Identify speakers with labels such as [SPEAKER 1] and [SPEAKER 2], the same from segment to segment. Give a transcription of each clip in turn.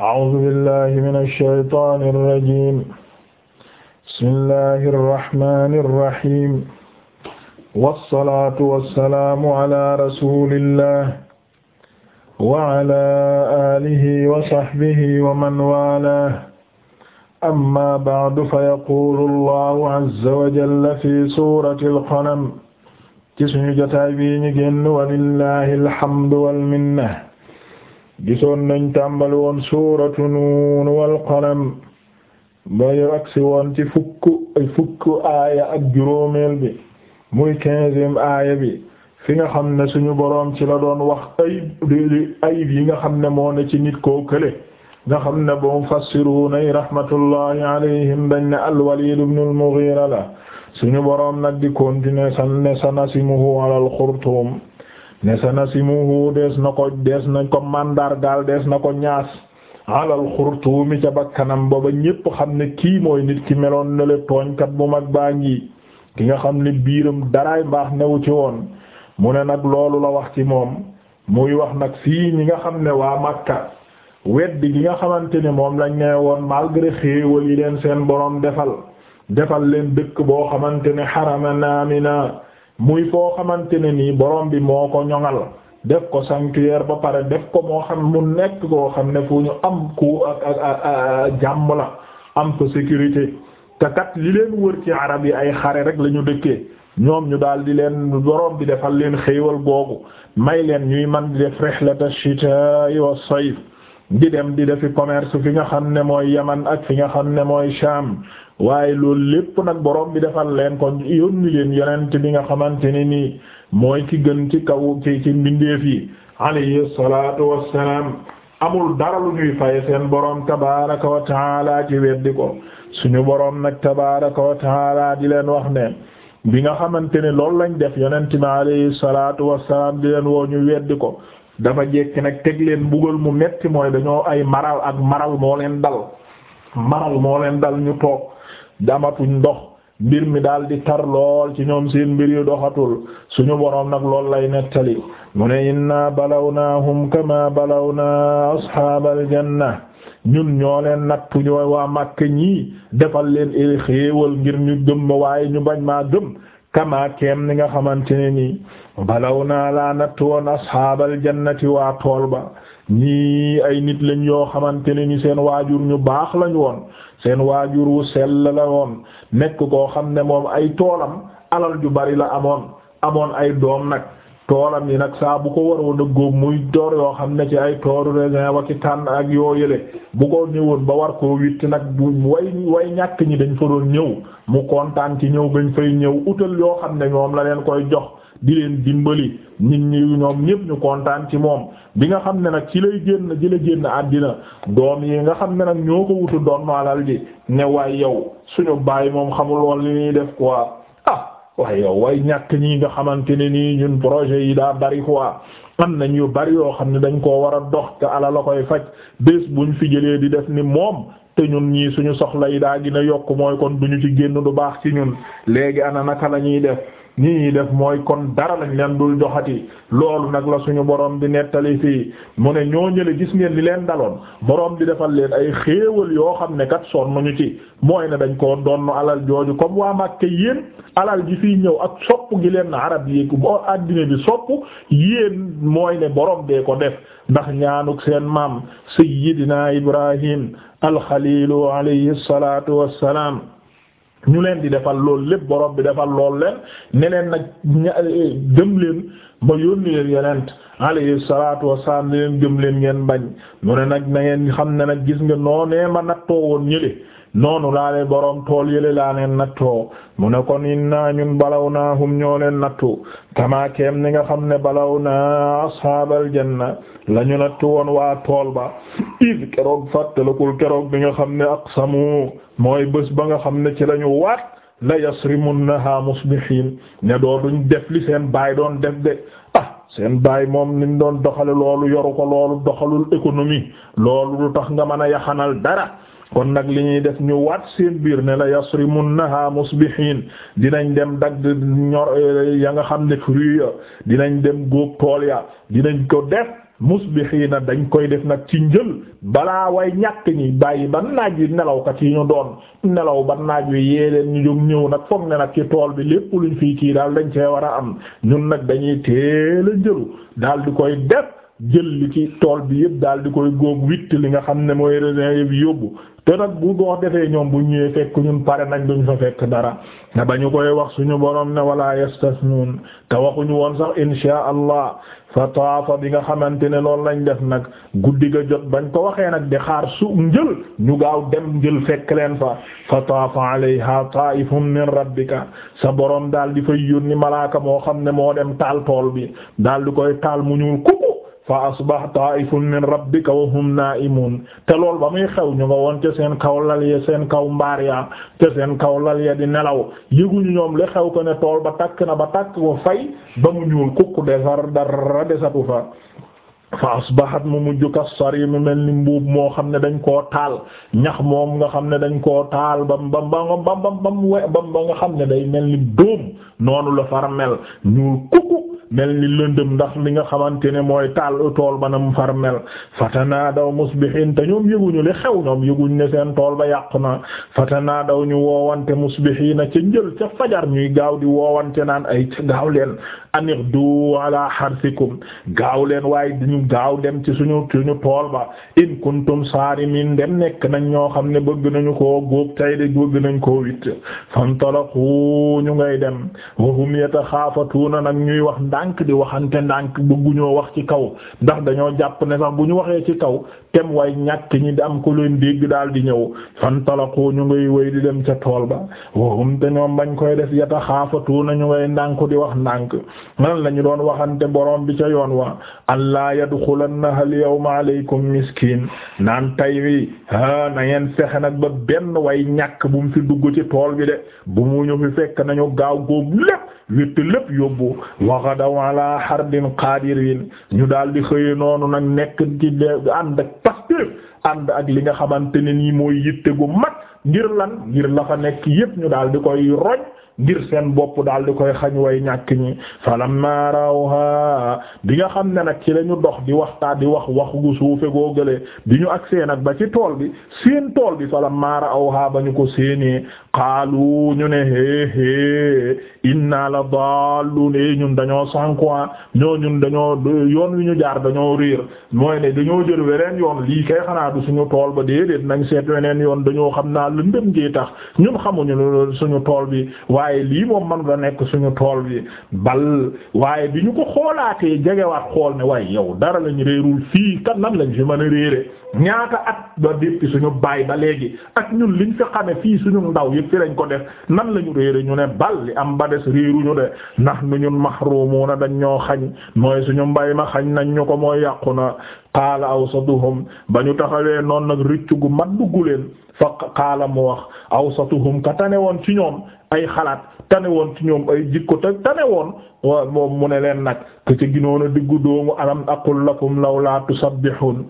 [SPEAKER 1] أعوذ بالله من الشيطان الرجيم بسم الله الرحمن الرحيم والصلاة والسلام على رسول الله وعلى آله وصحبه ومن والاه أما بعد فيقول الله عز وجل في سورة القلم ci sunu jotaay bi ñu génn ولله الحمد والمنة gisoon nañ tàmbali woon suuratu nuun wal qalam bay agsi woon ci fukk ay fukk aaya ak juróomeel bi muy quinzième aaya bi fi nga xam ne suñu boroom ci la doon wax ayib ayib yi nga xam ne moo ne ci nit koo kële nga xam ne bo mufassiruuna yi rahmatullahi alayhim dañ ne al-Walid ibn al-Mughira la suñu boroom nag di continuer san ne sanasimuhu ala al-xurtuum ne sa nasimuhu des na ko dees na ko daal des na ko ñaas alal xurtuumi ca kanam ba ba ñépp xam ne kii mooy nit ki meloon na le tooñkat bu mag baa ngi ki nga xam ne biiram daray mbaax newu ci woon mu ne nag loolu la wax ci moom muy wax nag fii ñi nga xam ne waa Makka weddi gi nga xamante ne moom lañ ne woon malgré xéewal yi leen seen boroom defal defal leen dëkk boo xamante ne xaraman amina muy foo xamante ne nii borom bi moo ko ñoŋal def ko sanctuaire ba pare def ko moo xam mu nekk koo xam ne fu ñu am ku jàmm la am ko sécurité te kat li leen wër ci arab yi ay xare rek la ñu dëkkee ñoom ñu daal di leen borom bi defal leen xéewal googu may leen ñuy man di def rihlata shitaa'i was sayf di dem di defi commerce fi nga xam ne mooy Yaman ak fi nga xam ne mooy Sham waaye loolu lépp nag borom bi defal leen ko yónni leen yonent bi nga xamante ne nii mooy ci gën ci kaw ci ci mbindeef yi alayhi salaatu wassalaam amul dara lu ñuy fay seen boroom tabaaraka wa taala ci weddi ko suñu borom nag tabaaraka wa taala di leen wax ne bi nga xamante ne loolu lañ def yonent bi alayhi salaatu wassalaam di leen woo ñu weddi ko dafa jekki nag teg leen mbugal mu metti mooy dañoo ay maral ak maral moo leen dal maral moo leen dal ñu toog damatuñ ndox mbir mi daal di tar lool ci ñoom seen mbir yu doxatul suñu boroom nag lool lay nettali mu ne inna balawnaahum balaw balawna ashaabal janna ñun ñoo leen nattu ñooy waa màkk ñii defal leen éli xéewal ngir ñu gëm waaye ñu bañ maa gëm kama ni nga xamante ne nii balaw naa laa natt woon asxaabal jannati waa tool ba ñii ay nit lañ yoo xamante ne ni seen waajur ñu baax lañ woon seen waajur wu sell la woon nekk koo xam ne moom ay toolam alal ju bari la amoon amoon ay doom nag toolam yi nag saa bu ko waroon a góob muy door yoo xam ne ci ay tooru raisin wa ci tànn ak yoo yële bu ko ñëwoon ba war koo witt nag way way ñàkk ñi dañ fa doon ñëw mu kontaan ci ñëw gañ fay ñëw utal yoo xam ne ñoom la leen koy jox di leen dimbali nit ñi ñoom ñépp ñu kontaan ci moom bi nga xam ne nag ci lay génn ci la génn àddina doom yi nga xam ne nag ñoo ko wutu doon maalal ji ne waaye yow suñu bàyyi moom xamul woon li ñuy def quoi ah waaye ñàkk ñi nga xamante ne nii ñun projet yi daa bari quoi am nañ yu bari yoo xam ne dañ koo war a dox te ala la koy faj bés buñ fi jëlee di def ni moom te ñun ñii suñu soxla yi daa gën yokk mooy kon ñu ci génn du baax ci ñun léegi ana naka la ñuy def nii ñuy def mooy kon dara lañ leen dul joxati loolu nag la suñu borom di nettali fii mu ne ñoo ñële gis ngeen li leen daloon boroom di defal leen ay xéewal yoo xam ne kat sonnuñu ci mooy ne dañ ko donn alal jooju comme waa Makka yéen alal ji fiy ñëw ak sopp gi leen arab yi boo àddina bi sopp yéen mooy ne borom dee ko def ndax ñaanuk seen maam sayyidina Ibrahim al-Khalilu alayhi salaatu wassalaam ñu leen di defal loolu lépp borom bi defal lool leen ne nag ña gëm leen ma yónni leen yonent alayhi salaatu wassalaam ne leen gëm leen ngeen bañ mu ne nag na ngeen xam ne nag gis nga noonee ma nattoo woon ñële noonu laa leen boroom tool yële laa leen nattoo mu ne kon inna ñun balaw naa hum ñoo leen nattu kamaakeem ni nga xam ne balaw naa ashaabal janna lañu nattu woon waa tool ba iz keroog fàttalikul keroog bi nga xam ne aqsamu mooy bés ba nga xam ne ci lañu waat la yasrimunnaha musbihin ne dootuñ def li seen baay doon def de ah seen baay moom niñ doon doxale loolu yoru ko loolu doxalul économie loolu du tax nga mën a yaxanal dara kon nag li ñuy def ñu waat seen biir ne la yasrimunnaha musbihin dinañ dem dagg ñor eh, ya nga xam ne fruit ya dinañ dem góob tool ya dinañ ko def musbihiina dañ koy def nag ci njël balaa waaye ñàkk ñi bàyyi ba naaj wi nelawkat yi ñu doon nelaw ba naaj wi yee leen ñu jóg ñëw nag foog ne nag ci tool bi lépp luñ fii kii daal dañ cee war a am ñun nag dañuy teel a njëlu daal di koy def jël li ci tool bi yëpp daal di koy góob witt li nga xam ne mooy raisin yëpp yóbbu te nag bu ko defee ñoom bu ñëwee fekk ñun pare nañ duñ fa fekk dara te ba ñu koy wax suñu borom ne wala yastasnun te waxuñu woon sax insha allah fa taafa bi nga xamante ne loolu lañ def nag guddi ga jot bañ ko waxee nag di xaar su njël ñu gaaw dem njël fekk leen fa fa taafa alayha taa'ifun min rabbika sa borom daal di fay yónni malaaka moo xam ne moo dem taal bi daal di koy taal mu ñuul fa asbah taifun min rabbika wa hum naimun te lool ba muy xew ñu nga woon ca seen kaw lal ya seen kaw mbaar ya ca seen kaw lal ya di nelaw yëguñu ñoom li xew ko ne tool ba takk na ba takk ko fay ba mu ñuul kukk desar dara desatu fa fa asbahat mu mujj yi mu mel ni mbuub moo xam ne dañ koo taal ñax moom nga xam ne dañ koo taal ba bam bam bam bam bam nga xam ne day mel ni dóom noonu la far mel ñuul kukk mel ni lëndëm ndax li nga xamante ne mooy taal tool ba na nam far mel fatanaa daw musbihin te ñoom yëguñu li xew ñoom yëguñ ne seen tool ba yàqu na fatanaa daw ñu woowante musbihina ca njël ca fajar ñuy gaaw di woowante naan ay ca gaaw leen anir du ala harsikum gaaw leen waaye diñu gaaw dem ci suñu suñu tool ba in kuntum saarimin dem nekk nañ ñoo xam ne bëgg nañu koo góob tay de bëgg nañ koo witt fantalaqu ñu ngay dem wa hum nag ñuy wax dànk di waxante ndànk ñoo wax ci kaw ndax dañoo jàpp ne sax bu ñu waxee ci kaw kem way ñàkk ñi am ko leen dégg daal di ñëw fantalaqu ñu ngay wéy di dem ca tool ba wahum te ñoom bañ koy def yata xaafatu nañu ngay ndànk di wax ndànk lan lañu doon waxante boroom bi ca yoon wa allah yadxulannaha al yawma alaykum miskin naan tay wi ha na ngeen fexe nag ba benn way ñàkk bu mu fi dugg ci tool bi de bu mu ñu fi fekk nañu gaaw góob lépp witt lépp yóbbu waxadaw ala hardin qaadirin ñu daal di xëye noonu nag nekk ci ànd ànd ak li nga xamante ne nii mooy yitte gu mag ngir lan ngir la fa nekk yépp ñu daal di koy roñ ngir seen bopp daal di koy xañ way ñàkk ñi falamma rawha bi nga xam ne nag ci la dox di waxtaan di wax wax gu suufe googale bi ñu agsee nag ba ci tool bi seen tool bi falamma rawha ba ñu ko séenee qaalu ñu ne hee hee inna la dallun eh, ñun dañoo sankuwa ah, ñoo ñun dañoo yoon wi ñu jaar dañoo riir mooy ne dañoo jël weneen yoon lii kay xanaa du suñu tool ba déedéet nañ seet weneen yoon dañoo xam naa lëndëm gee tax ñun xamuñu suñu tool bi waaye lii moom manu da nekk suñu tool bi bal waaye bi ñu ko xoolaatee jegewaat xool ne waaye yow dara lañ réerul fii kat nan lañ fi mën a réere ñaata at ba déppi suñu baay ba léegi ak ñun liñ fi xame fii suñu ndaw yëpp fi lañ ko def nan lañu réere ñu ne bal li am ba des réeruñu de ndax nu ñun mahrumu dañ ñoo xañ mooy suñu mbay ma xañ nañ ñu ko mooy yàqu qaala awsatuhum ba ñu taxawee noonu nag rëccu gu mat dugg leen fa qaala mu wax awsatuhum ka tane woon ci ñoom ay xalaat tane woon ci ñoom ay jikko ta tane woon moom mu ne leen nag ke ci ginoon a diggu doomu alam aqul lakum lawla tusabbihun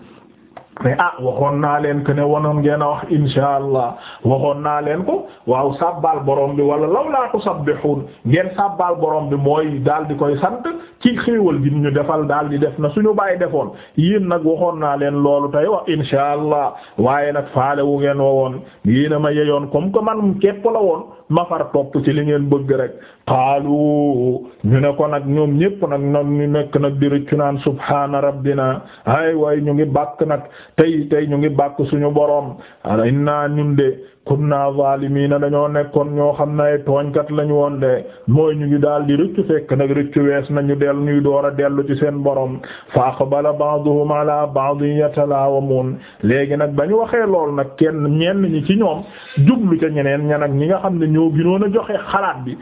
[SPEAKER 1] mais ah waxoon naa leen que ne wanoon ngeen a wax insha allah waxoon naa leen ko waaw sàbbaal borom bi wala law laa ko tusabbihun ngeen sàbbaal borom bi mooy daal di koy sant ci xéewal gi ñu defal daal di def na suñu bàyyi defoon yéen nag waxoon naa leen loolu tey wax insha allah waaye nag faale wu ngeen wa woon yéen a ma yeyoon comme que man képp la woon ma far topp ci li ngeen bëgg rek qaalu ñu ne ko nag ñoom ñépp nag ñoom ñu nekk nag di rëccu naan subhaana rabbina ay way ñu ngi bàkk nag tey tey ñu ngi bàkk suñu boroom inna ñun de kunna zaalimiina dañoo nekkoon ñoo xam ne ay tooñkat lañu woon de mooy ñu ngi daal di rëccu fekk nag rëccu wees ñu del ñuy door a dellu ci seen boroom fa aqbala ba'duhum ala ba'din moon léegi nag ba ñu waxee lool nag kenn ñenn ñi ci ñoom jublu ca ñeneen ña nag ñi nga xam ne ñoo gënoon a joxe xalaat bi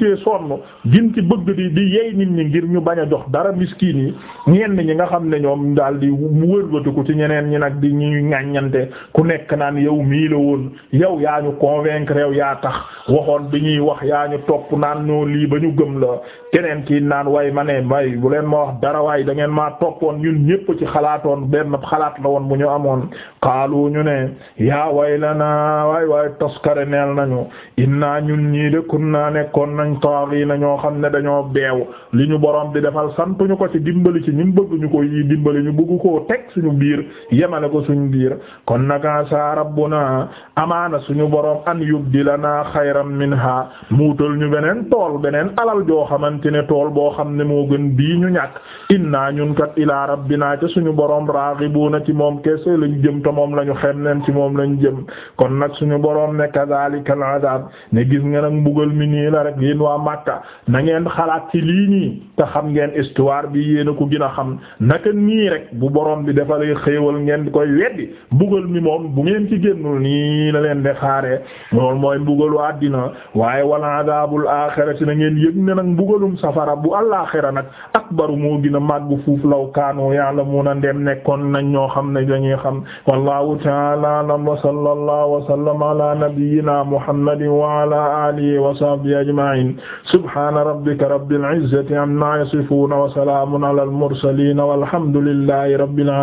[SPEAKER 1] cee sonn gin ci bëgg di di yey nit ñi ngir ñu bañ a jox dara miskin yi ñenn ñi nga xam ne ñoom daal di wërbatiku ci ñeneen ñi nag di ñuy ŋàññante ku nekk naan yow mii la woon yow yaa ñu convaincre yow yaa tax waxoon bi ñuy wax yaa ñu topp naan ñoo lii ba ñu gëm la keneen kii naan way ma ne way bu leen ma wax dara waay dangeen ngeen maa toppoon ñun ñépp ci xalaatoon benn xalaat la woon bu ñu amoon xaalu ñu ne yaa way la naa waay waay toskare neel nañu inna ñun ñii nañ taaxiina ñoo xam ne dañoo beew li ñu borom di defal ñu ko ci dimbali ci ñu bëgg ñu ko yi dimbali ñu bëgg koo teg suñu biir yemale ko suñu biir kon naka sa rabbuna amaana suñu borom an yubdilana xayran minha muutal ñu beneen tool beneen alal joo xamante ne tool boo xam ne moo gën bii ñu ñàkk inna ñun kat ilaa rabbina ca suñu borom raaghibuuna ci moom kese lañu jëm te moom lañu xem leen ci moom lañu jëm kon nag suñu borom ne kadhalika yéen waa Makka na ngeen xalaat ci lii nii te xam ngeen histoire bi yéen a ko gën a xam naka nii rek bu borom bi defalee xéewal ngeen di koy weddi mbugal mi moom bu ngeen ci génnul nii la leen de defaaree loolu mooy mbugalu àddina waaye wala adabul axirati na ngeen yëg ne nag mbugalum safara bu àllaaxira nag akbaru moo gën a màgg fuuf law kaanu ya'lamuna ndem nekkoon nañ ñoo xam ne dañuy xam wallahu ta'ala a'lam wa sallallahu wa sallama ala nabiyyina muhammadin wa wa sahbihi العالمين سبحان ربك رب العزة عما يصفون وسلام على المرسلين والحمد لله رب العالمين